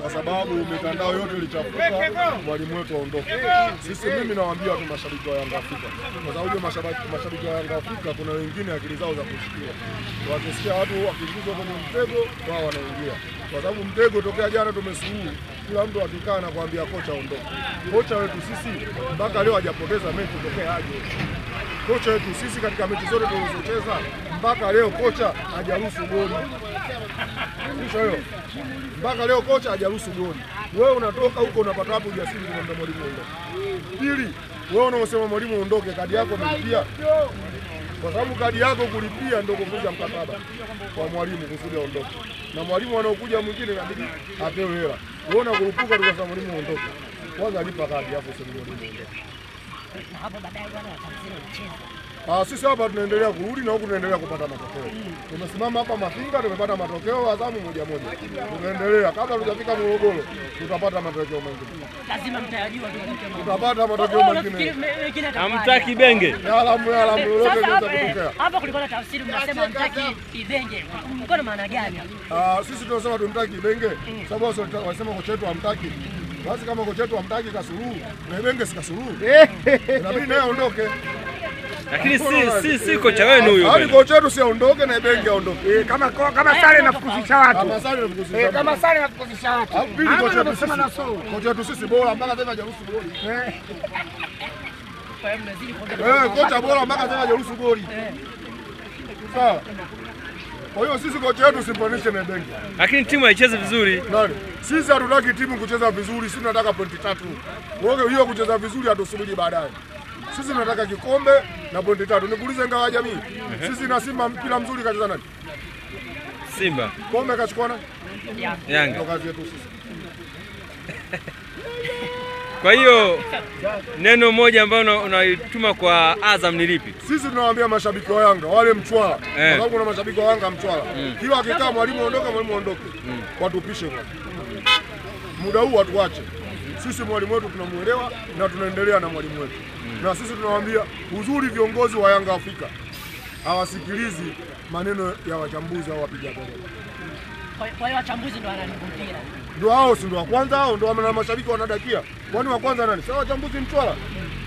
kwa sababu mitandao yote ilichafuka, mwalimu wetu aondoke. Sisi mimi nawaambia watu mashabiki wa Yanga Afrika, kwa sababu mashabiki mashabiki wa Yanga Afrika kuna wengine akili zao za kushikia, wakisikia watu wakiingizwa kwenye mtego wao wanaingia, kwa sababu mtego tokea jana tumesuhuu kila mtu akikaa na kuambia kocha aondoke. Kocha wetu sisi mpaka leo hajapoteza mechi tokea aje. Kocha wetu sisi katika mechi zote tulizocheza mpaka leo kocha hajaruhusu goli. Kisha hiyo mpaka leo kocha hajaruhusu goli. Wewe unatoka huko unapata wapi ujasiri kumwambia mwalimu ondoke? Pili, wewe unaosema mwalimu ondoke, kadi yako umelipia, kwa sababu kadi yako kulipia ndio kuvunja mkataba kwa mwalimu kusudi aondoke, na mwalimu anaokuja mwingine inabidi apewe hela. Wewe unakurupuka tukasema mwalimu ondoke, kwanza alipa kadi yako, useme mwalimu ondoke. Hapo baadaye bwana watamsema mchezo Uh, sisi hapa tunaendelea kurudi na huku tunaendelea kupata matokeo. Tumesimama hapa Mafinga, tumepata matokeo Azamu moja moja, tunaendelea kabla tujafika Morogoro, tutapata matokeo mengine, lazima mtajua, tutapata matokeo mengine. Hamtaki Ibenge eh, hapa, kulikuwa na tafsiri, mnasema hamtaki Ibenge, mko maana gani? Ah, sisi tunasema tumtaki Ibenge sababu wasema kocha wetu hamtaki basi, kama kocha wetu hamtaki Kasuluhu na Ibenge si eh. inabidi naye aondoke. Lakini si si si kocha wenu huyo. Hadi yaani kocha wetu si aondoke na benki aondoke. Eh, kama kama sare na inafukuzisha watu. Kama sare na Eh, kama sare na inafukuzisha watu. Hapili kocha wetu sema na so. Kocha wetu sisi bora mpaka tena jarusu goli. Eh. Eh, kocha bora mpaka tena jarusu goli. Eh. Sawa. Kwa hiyo sisi kocha wetu simfanishe na benki. Lakini timu haichezi vizuri. Nani? Sisi hatutaki timu kucheza vizuri, sisi tunataka pointi tatu. Wewe hiyo kucheza vizuri hatusubiri baadaye. Sisi tunataka kikombe na pointi tatu. Nikuulize ngawa Jamii, sisi na Simba mpira mzuri kacheza nani? Simba. Kombe kachukua na Yanga. Ndio kazi yetu sisi. Kwa hiyo neno moja ambalo unaituma kwa Azam ni lipi? Sisi tunawaambia mashabiki wa Yanga wale mchwala, kwa eh. sababu kuna mashabiki wa Yanga mchwala, mm. kila akikaa mwalimu ondoka, mwalimu mm. watupishe muda huu, watuache sisi. Mwalimu wetu tunamwelewa na tunaendelea na mwalimu wetu. Mm na sisi tunawaambia uzuri, viongozi wa Yanga Afrika hawasikilizi maneno ya wachambuzi au wapiga kelele. Kwa hiyo wachambuzi ndio wananivutia, ndio hao, si ndio wa kwanza hao, ndio wana mashabiki wanadakia. Kwani wa kwanza nani? Sasa wachambuzi mtwala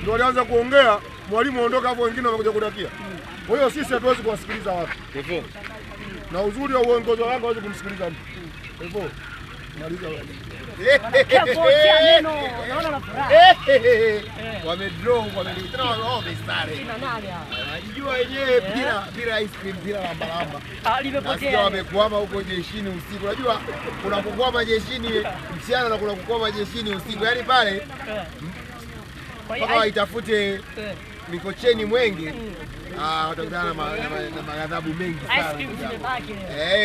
ndio walianza kuongea, mwalimu aondoka, hapo wengine wamekuja kudakia. Kwa hiyo sisi hatuwezi kuwasikiliza watu, na uzuri wa uongozi wa Yanga hawezi kumsikiliza mtu hivyo wamedraw wamelitana wamekwama huko jeshini usiku unajua kuna kukwama jeshini mchana na kuna kukwama jeshini usiku yani pale mpaka waitafute Mikocheni Mwenge watakutana na maghadhabu mengi sana.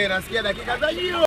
Nasikia dakika za jioni.